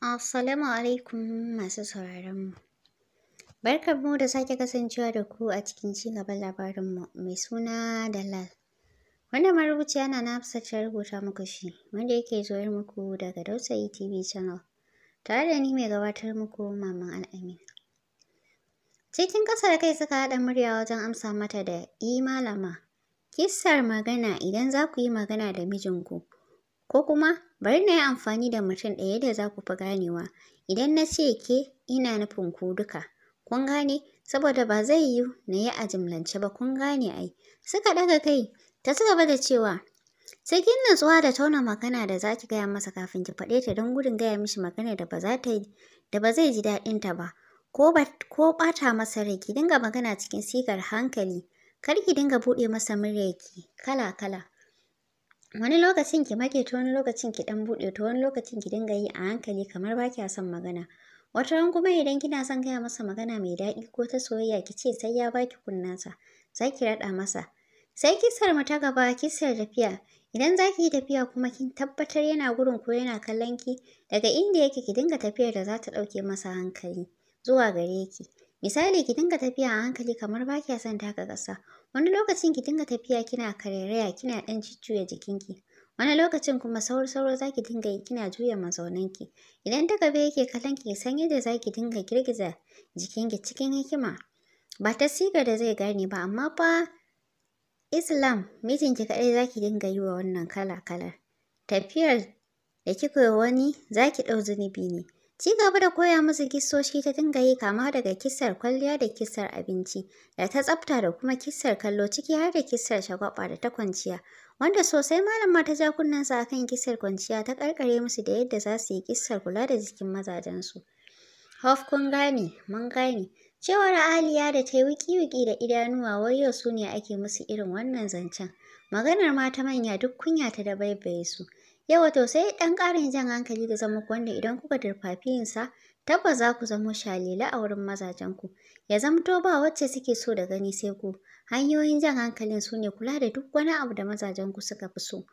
Assalamu alaikum masu sauraron mu Barkar mu da sake kasancewa da ku a cikin ci labarin mu mai suna Dalal. Wannan marubuciya na na Hafsat ta rubuta muku shi wanda yake zuwar muku daga Dausayi TV channel tare da ni mai gabatar muku Maman Al'amin. Cikin ƙasa da kai suka haɗa murya wajen amsa mata da 'yi eh, malama. Kissar magana idan za ku yi magana da mijinku. Ko kuma bari na yi amfani da mutum ɗaya da za ku fi ganewa. Idan na ce ke ina nufin ku duka. Kun gane? Saboda ba zai yiwu na yi a jimlance ba kun gane ai. Suka ɗaga kai ta su gaba da cewa sai kin natsuwa da tauna magana da za ki gaya masa kafin ki faɗe ta don gudun gaya mishi magana da ba za ta yi da ba zai ji daɗin ta ba. Ko ɓata masa rai ki dinga magana cikin sigar hankali. Kar ki dinga buɗe masa muryarki kala-kala. wani lokacin ki make ta wani lokacin ki dan bude ta wani lokacin ki dinga yi a hankali kamar ba kya son magana wata ran kuma idan kina son gaya masa magana mai daɗi ko ta soyayya ki ce sai ya baki kunnansa za ki raɗa masa sai kisar mu ta gaba kisar tafiya idan za ki yi tafiya kuma kin tabbatar yana gurin ko yana kallon ki daga inda yake ki dinga tafiyar da za ta ɗauke masa hankali zuwa gare ki misali ki dinga tafiya a hankali kamar ba kya son taka ƙasa Wani lokacin ki dinga tafiya kina karairaya kina ɗan jujjuya jikinki. Wani lokacin kuma sauro-sauro za ki dinga yi kina juya mazauninki. Idan ta gaba yake kallon ki san yadda za ki dinga girgiza jikinki cikin hikima. Ba ta siga da zai gane ba amma fa Islam mijinki kaɗai za ki dinga yi wa wannan kala-kalar. Tafiyar da kika wani za ki ɗau zunubi ne. Ci gaba da koya musu kisoshi ta dinga yi kama daga kisar kwalliya da kisar abinci, da ta tsafta da kuma kisar kallo ciki har da kisar shagwaba da ta kwanciya. Wanda sosai malama ta ja kunnensa akan kisar kwanciya ta karkare musu da yadda za su yi kisar kula da jikin mazajensu. Hof kun gane, mun gane. Cewar Aliya da ta yi wiki-wiki da idanuwa wayo su ne ake musu irin wannan zancen. Maganar mata manya duk kunya ta da baibaye su. Yawa to sai ɗan ƙarin jan hankali da zama wanda idan kuka durfafi yinsa, tabbas za ku zamo shalila a wurin mazajen ku. Ya zamto ba wacce suke so da gani sai ku. Hanyoyin jan hankalin su ne kula da duk wani abu da mazajenku suka fi so.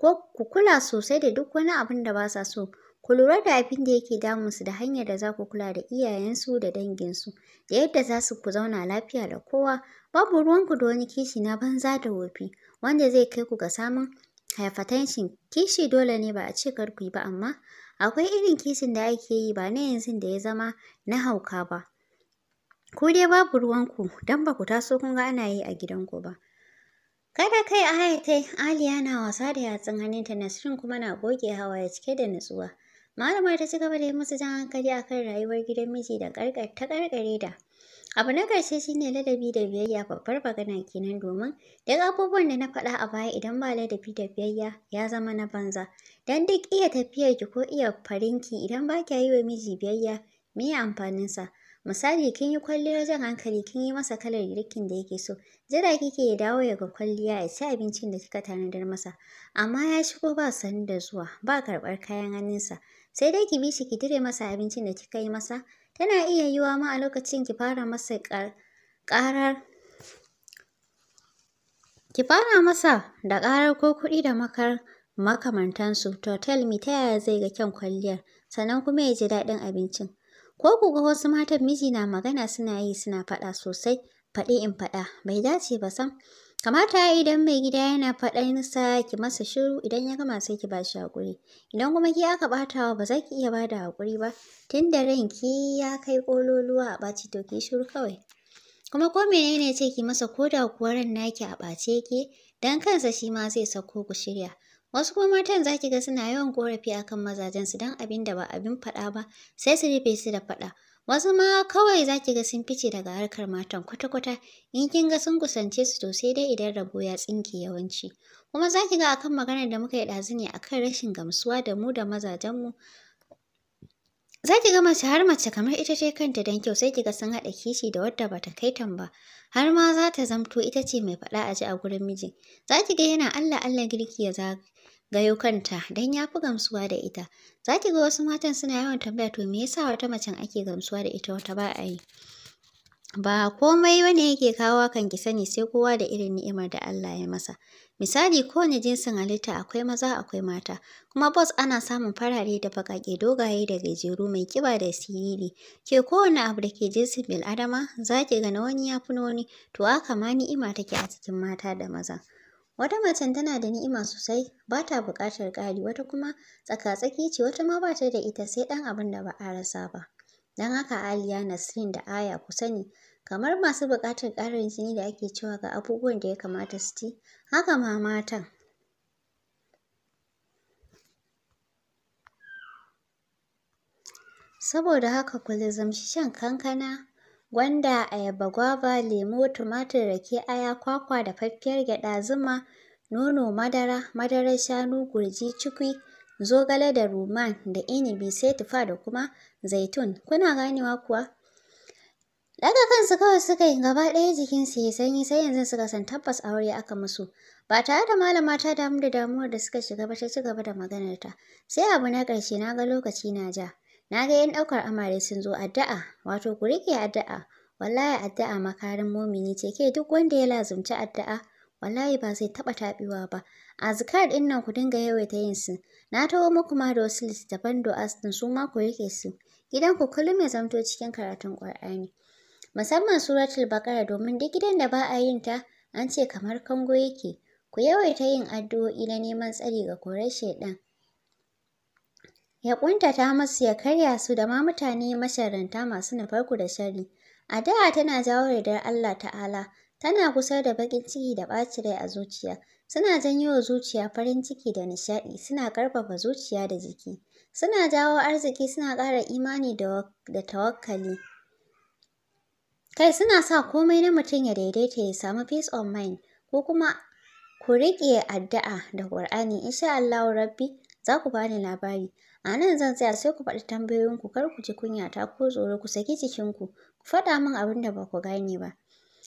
Ko ku kula sosai da duk wani abin da ba sa so. Ku lura da abin da yake su da hanyar da za ku kula da iyayensu da danginsu, da yadda za su ku zauna lafiya da kowa, babu ruwanku da wani kishi na banza da wofi, wanda zai kai ku ga samun hypertension kishi dole ne ba a ce kar ku yi ba amma akwai irin kishin da ake yi ba na yanzu da ya zama na hauka ba ku dai babu ruwanku don ba ku taso kun ga ana yi a gidanku ba kada kai a hayatai aliya na wasa da yatsun hannunta nasrin kuma na goge hawa ya cike da nutsuwa malamar ta ci gaba da yi musu jan hankali akan rayuwar gidan miji da karkar ta karkare da Abu na ƙarshe shi ne ladabi da biyayya babbar magana kenan domin duk abubuwan da na faɗa a baya idan ba ladabi da biyayya ya zama na banza. Don duk iya tafiyar ki ko iya farin ki idan ba kya yi wa miji biyayya me amfaninsa? Misali kin yi kwalliya jan hankali kin yi masa kalar girkin da yake so, jira kike ya dawo ya ga kwalliya ya ci abincin da kika tanadar masa, amma ya shigo ba sanin da zuwa ba karɓar kayan hannunsa, sai dai ki bi shi ki dire masa abincin da kika yi masa Tana iya yiwa ma a lokacin ki fara masa ƙarar ki fara masa da ƙarar ko kuɗi da makar makamantansu to tell me ta yaya zai ga kyan kwalliyar sannan kuma ya ji daɗin abincin. Ko ku ga wasu matan miji na magana suna yi suna faɗa sosai faɗi in faɗa bai dace ba sam Kamata idan mai gida yana faɗa nisa ki masa shiru idan ya gama sai ki bashi hakuri, Idan kuma ki aka wa ba za ki iya bada hakuri ba, tun da ki ya kai ƙololuwa a ɓaci to ki shiru kawai. Kuma ko menene ce ki masa ko da kuwa ran naki a ɓace ke, dan kansa shi ma zai sauko ku shirya. Wasu kuma matan za ki ga suna yawan ƙorafi akan mazajen su dan abin da ba abin faɗa ba, sai su rufe su da faɗa. Wasu ma kawai za ki ga sun fice daga harkar matan kwata-kwata, in kin ga sun kusance su to sai dai idan rabo ya tsinke yawanci. Kuma za ki ga akan maganar da muka yi ɗazu ne kan rashin gamsuwa da mu da mazajenmu. Za ki ga mace har mace kamar ita ce kanta don kyau sai ki ga sun haɗa kishi da wadda bata kai tan ba. Har ma za ta zamto ita ce mai faɗa a ji a gurin miji Za ki ga yana Allah Allah girki ya zaga. gayo kanta don ya fi gamsuwa da ita. Za ki ga wasu matan suna yawan tambaya to me yasa wata macen ake gamsuwa da ita wata ba a yi. Ba komai wani yake kawo kan ki sani sai kowa da irin ni'imar da Allah ya masa. Misali kowane jinsin halitta akwai maza akwai mata, kuma bos ana samun farare da baƙaƙe dogaye da gajeru mai kiba da siriri. Ke kowane abu da ke jinsin bil'adama za ki ga na wani ya fi na wani, to haka ma ni'ima take a cikin mata da maza. Wata matan tana da ni'ima sosai, ba ta buƙatar ƙari, wata kuma tsaka-tsaki ce, wata ma ba ta da ita sai ɗan abin da ba a rasa ba. Don haka Aliya, Nasrin da Aya ku sani, kamar masu buƙatar ƙarin jini da ake cewa ga abubuwan da ya kamata su ci, haka ma matan. Saboda haka ku lizamci shan kankana, gwanda, ayaba, gwaba, lemo, tumatir, rake, aya, kwakwa, dafaffiyar gyaɗa, zuma, nono, madara, madarar shanu, gurji, cikwi, zogale da ruman da inibi sai tufa da kuma zaitun. Kuna ganewa kuwa? Daga kansu kawai suka yi gaba ɗaya jikinsu ya sanyi sai yanzu suka san tabbas aure aka musu. Ba tare da malama ta damu da damuwar da suka shiga ba ta ci gaba da maganarta. Sai abu na ƙarshe na ga lokaci na ja. Na ga 'yan ɗaukar amare sun zo addu'a, wato ku riƙe addu'a. Wallahi addu'a makarin momini ce ke duk wanda ya lazumci addu'a wallahi ba zai taɓa taɓiwa ba. A Azkar ɗin nan ku dinga yawaita yin su. Na taho muku ma da wasu littattafan du'as ɗin su ma ku riƙe su. ku kullum ya zamto cikin karatun Ƙur'ani. Musamman suratul Baƙara domin duk gidan da ba a yin ta an ce kamar kango yake. Ku yawaita yin addu'o'i na neman tsari ga korar shaiɗan. ya ƙuntata masu ya karya su da ma mutane masharanta masu nufarku da sharri. Addu'a tana jawo yardar Allah Ta'ala, tana kusa da bakin ciki da ɓaci rai a zuciya, suna janyo wa zuciya farin ciki da nishaɗi, suna ƙarfafa zuciya da jiki, suna jawo arziki, suna ƙara imani da tawakkali. Kai suna sa komai na mutum ya daidaita ya samu peace of mind, ko kuma ku riƙe addu'a da Ƙur'ani, insha Allahu Rabbi za ku bani labari. A nan zan tsaya sai ku faɗi tambayoyin ku kar ku ji kunya ta ko tsoro ku saki jikinku ku faɗa min abin da ba ku gane ba.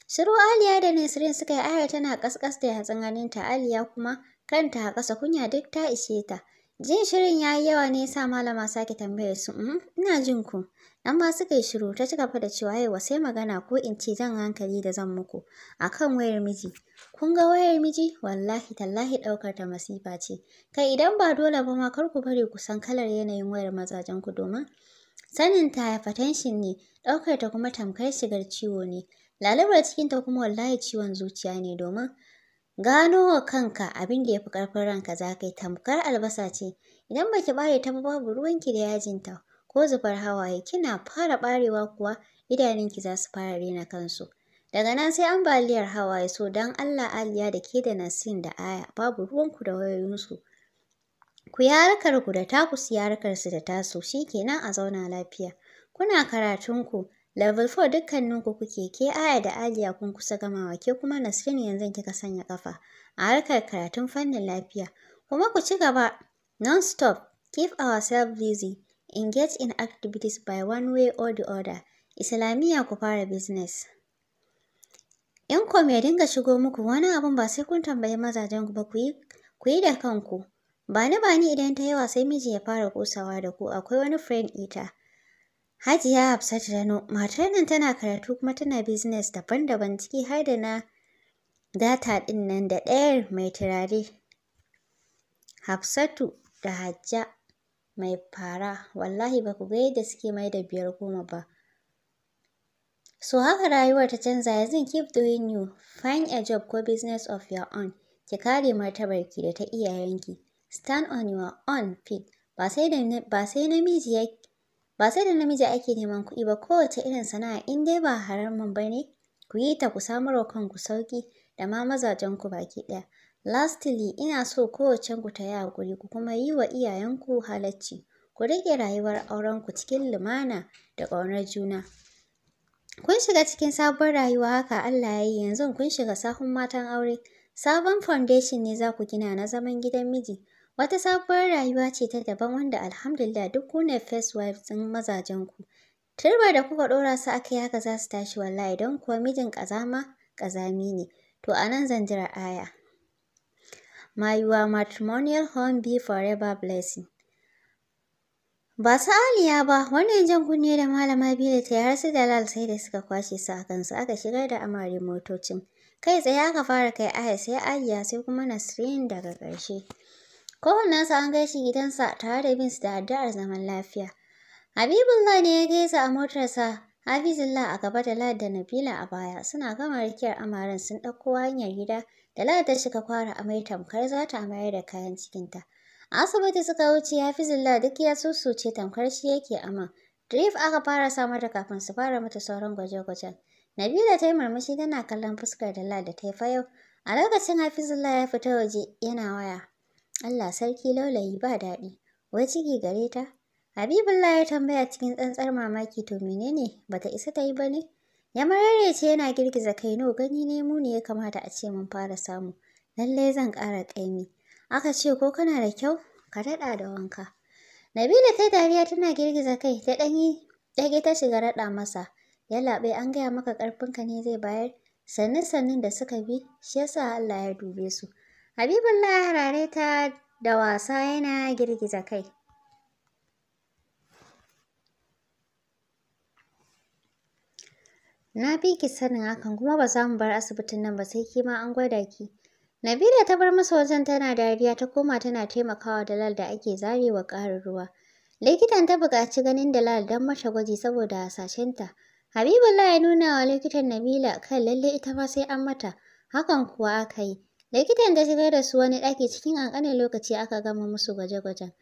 Shiru Aliya da Nasirin suka yi Aya tana ƙasƙas da yatsun ta Aliya kuma kanta a ƙasa kunya duk ta ishe ta. Jin shirin ya yi yawa ne sa malama sake tambaye su, mm, ina jin ku. Dan ba suka yi shiru ta cika fada da cewa wa sai magana ko in ce zan hankali da zan muku akan wayar miji. Kun ga wayar miji wallahi tallahi ɗaukar ta masifa ce. Kai idan ba dole ba ma kar ku bari ku san kalar yanayin wayar mazajen ku domin sanin ta haifa shi ne ɗaukar ta kuma tamkar shigar ciwo ne. Lalabar cikinta kuma wallahi ciwon zuciya ne domin Gano wa kanka abin da ya fi ƙarfin ranka za ka yi tamkar albasa ce, idan ba ki ɓare ta ba babu ruwanki da yajinta ko zubar hawaye kina fara ɓarewa kuwa idanunki za su fara rena kansu. Daga nan sai ambaliyar hawaye so don Allah Aliya da ke da Nasin da Aya babu ruwanku da wayoyinsu. Ku yi ku da taku su yi su da tasu shi kenan a zauna lafiya. Kuna karatunku Level 4 dukkaninku kuke ke Aya da Aliya kun kusa gamawa ke kuma Nasrin yanzu kika sanya kafa a harkar karatun fannin lafiya. Kuma ku ci gaba non-stop, keep ourselves busy, engage in activities by one way or the other. Islamiyya ku fara business. In kuma ya dinga shigo muku wani abun ba sai kun tambayi mazajen ku ba ku yi da kanku. Ba ni ba ni idan ta yawa sai miji ya fara kosawa da ku akwai wani friend ita. Hajiya Hafsat Rano, matar nan tana karatu kuma tana bizines daban-daban ciki har da na data ɗin nan da ɗayar mai turare. Hafsatu da Hajja mai fara, wallahi ba ku ga yadda suke mai da biyar goma ba. So haka rayuwar ta canza yanzu keep doing you, find a job ko business of your own, ki kare martabarki da ta iyayenki, stand on your own feet, ba sai namiji Ba sai da namiji ake neman kuɗi ba kowace irin sana'a in dai ba haramun ba ne, ku yi ta ku samar wa kanku sauƙi da ma mazajen ku baki ɗaya. Lastly, ina so kowace ku ta yi haƙuri ku kuma yi wa iyayenku halacci. Ku rage rayuwar aurenku cikin lumana da ƙaunar juna. Kun shiga cikin sabon rayuwa haka Allah ya yi yanzu kun shiga sahun matan aure. Sabon foundation ne za ku gina na zaman gidan miji. Wata sabuwar rayuwa ce ta daban wanda alhamdulillah duk ku ne first wife ɗin mazajen ku. Turba da kuka ɗora su aka yi haka za su tashi wallahi don kuwa mijin ƙazama ƙazami ne. To a nan zan jira aya. May your matrimonial home be forever blessing. Ba su aliya ba, wannan jan kunne da malama da ta har su dalal sai da suka kwashe su a kansu aka shigar da amare motocin. Kai tsaye aka fara kai aya sai aliya sai kuma Nasrin daga ƙarshe. sa an gaishe gidansa tare da bin su da addu'ar zaman lafiya. Habibullah ne ya gaisa a motarsa, Hafizullah a gaba da Lahadi da Nabila a baya suna gama rikiyar amaren sun ɗauko hanyar gida da lada ta shiga kwara amai tamkar za ta amayar da kayan cikinta. A asibiti suka wuce Hafizullah duk ya ce tamkar shi yake ama Drif aka fara sa mata kafin su fara mata sauran gwaje-gwajen. Nabila ta yi murmushi tana kallon fuskar da da ta yi fayau. A lokacin Hafizullah ya fita waje yana waya. Allah sarki laulayi ba daɗi. Wai ciki gare ta? Habibullah ya tambaya cikin tsantsar mamaki to menene bata isa ta yi ba ne? Ya ce yana girgiza kai no gani ne mu ne ya kamata a ce mun fara samu. Lallai zan ƙara ƙaimi. Aka ce ko kana da kyau ka daɗa da wanka. Nabila ta dariya tana girgiza kai ta ɗanyi ɗage ta shiga raɗa masa. laɓe an gaya maka ƙarfinka ne zai bayar. Sannin sannin da suka bi shi yasa Allah ya dube su. Habibullah ya harare ta da wasa yana girgiza kai. Na fi ki sanin hakan kuma ba za mu bar asibitin nan ba sai ki ma an gwada ki. Nabila ta bar masa wajen tana dariya ta koma tana taimakawa Dalal da ake zarewa ƙarin ruwa. Likitan ta buƙaci ganin Dalal don mata gwaji saboda hasashenta. Habibullah ya nuna wa likitan Nabila kan lalle ita ma sai an mata. Hakan kuwa aka yi. Likitan da shigar da su wani ɗaki cikin ƙanƙanin lokaci aka gama musu gwaje-gwajen.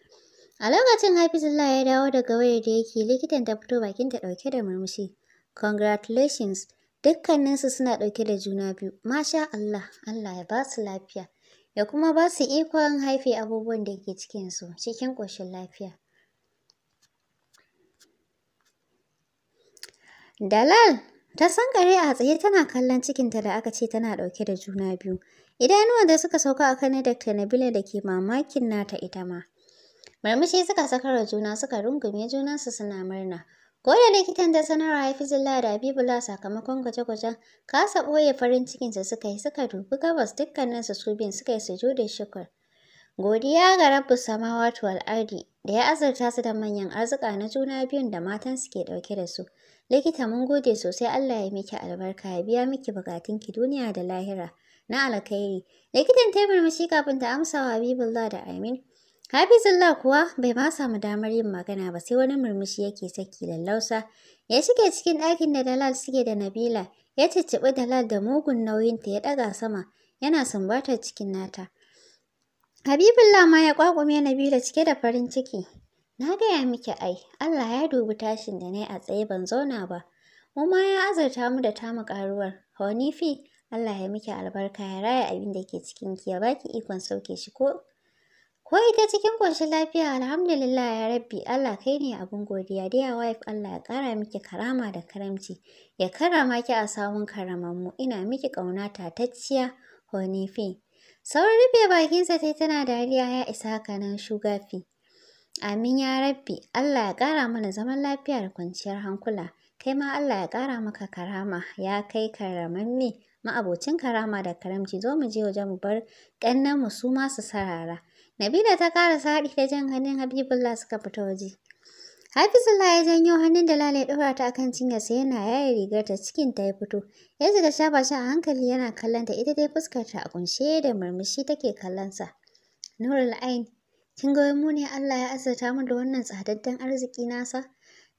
A lokacin Hafizullah ya dawo daga wayar da yake likitan ta fito bakin ta ɗauke da murmushi. Congratulations! Dukkaninsu suna ɗauke da juna biyu. Masha Allah, Allah ya ba su lafiya. Ya kuma ba su ikon haife abubuwan da ke cikinsu cikin ƙoshin lafiya. Dalal Ta kare a tsaye tana kallon cikinta da aka ce tana ɗauke da juna biyu. Idanuwan da suka sauka a kan Dr. Nabila da ke mamakin nata ita ma. Marmashi suka sakar juna suka rungume junansu suna murna. Ko da likitan da sanarwa zilla da Habibullah sakamakon gwaje-gwajen kasa ɓoye farin cikinsa suka yi suka dubi gabas dukkaninsu su biyun suka yi sujudin shukur. Godiya ga Rabbu Samawatu wal Ardi da ya azurta su da manyan arzika na juna biyun da matan suke ɗauke da su. Likita mun gode sosai Allah ya miki albarka ya biya miki bukatun ki duniya da lahira. Na alkhairi. Likitan ta murmushi kafin ta amsa wa Habibullah da Amin. Hafizullah kuwa bai ma samu damar yin magana ba sai wani murmushi yake saki lallausa. Ya shige cikin ɗakin da Dalal suke da Nabila. Ya cicciɓi Dalal da mugun nauyinta ya ɗaga sama. Yana sumbatar cikin nata. Habibullah ma ya kwakume Nabila cike da farin ciki. Na gaya miki ai, Allah ya dubi tashin da na yi a tsaye ban zauna ba. Mu ma ya azurta mu da tamu karuwar Honifi, Allah ya miki albarka ya raya abin da ke cikin ki ya baki ikon sauke shi ko ko ita cikin ƙoshin lafiya alhamdulillah ya rabbi Allah kai ne abin godiya dear wife Allah ya ƙara miki karama da karamci ya karama ki a samun karamanmu ina miki ƙauna ta tatacciya honifi saurin rufe bakinsa sai tana dariya ya isa haka nan shugafi Amin ya Rabbi, Allah ya ƙara mana zaman lafiya da kwanciyar hankula. Kai ma Allah ya ƙara maka karama, ya kai karamanni, ma'abocin karama da karamci zo mu je wajen mu bar ƙannen mu su ma sarara. Nabila ta ƙara saɗi da jan hannun Habibullah suka fito waje. Hafizullah ya janyo hannun da Lala ya ɗora ta akan cinyarsa yana yaye rigar ta cikin ta ya fito. Ya shiga shafa shi a hankali yana kallon ta ita dai fuskar ta a kunshe da murmushi take kallon sa. Nurul Ain Kin ga mu ne Allah ya azurta mu da wannan tsadaddan arziki nasa?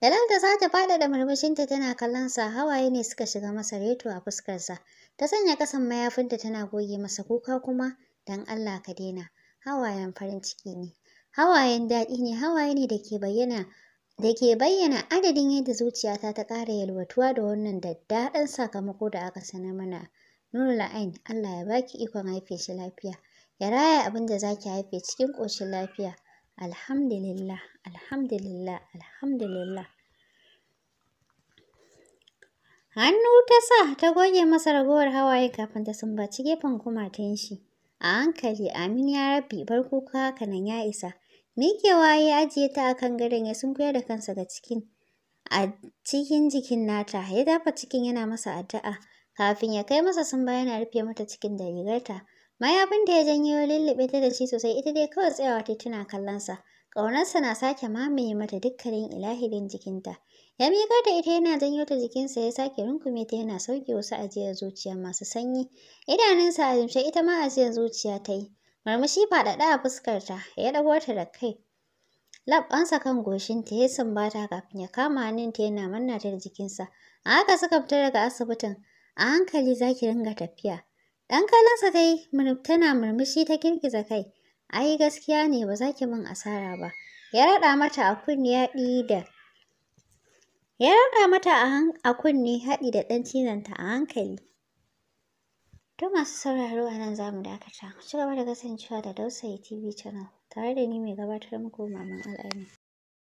da za ta faɗa da murmushinta tana kallon sa hawaye ne suka shiga masa reto a fuskarsa. Ta sanya ƙasan mayafinta tana goge masa kuka kuma dan Allah ka daina. Hawayen farin ciki ne. Hawayen daɗi ne, hawaye ne da ke bayyana da ke bayyana adadin yadda zuciyata ta ƙara yalwatuwa da wannan daddaɗan sakamako da aka sanar mana. Nurul Ain, Allah ya baki ikon haife shi lafiya. ya raya abin da za ki haife cikin ƙoshin lafiya alhamdulillah alhamdulillah alhamdulillah hannu ta sa ta goge masa ragowar hawaye kafin ta sumbaci gefen kumatin shi a hankali amin ya rabi bar kuka nan ya isa miƙewa ya ajiye ta akan gadon ya sunkuyar da kansa ga cikin a cikin jikin nata ya dafa cikin yana masa addu'a kafin ya kai masa sumba yana rufe mata cikin da rigarta abin da ya janyo ya lullube ta da shi sosai ita dai kawai tsayawa ta tuna kallonsa. Ƙaunarsa na sake mamaye mata dukkanin ilahirin jikinta. Ya miƙar da ita yana janyo ta jikinsa ya sake rungume ta yana sauke wasu ajiyar zuciya masu sanyi. Idanunsa a jimshe ita ma ajiyar zuciya ta yi. Murmushi faɗaɗa a fuskarta ya ɗago ta da kai. Laɓɓansa kan goshinta ya sumbata kafin ya kama hannunta yana manna ta da jikinsa. A haka suka fita daga asibitin. A hankali za ki ringa tafiya. Ɗan kalansa ta tana murmushi ta girgiza kai. Ai gaskiya ne ba za ki min asara ba. Ya raɗa mata a kunni haɗi da Ya raɗa mata a kunni haɗi da ɗan cizanta a hankali. To masu sauraro a nan za mu dakata. Ci gaba da kasancewa da Dausayi TV channel tare da ni mai gabatar muku Maman al'adu.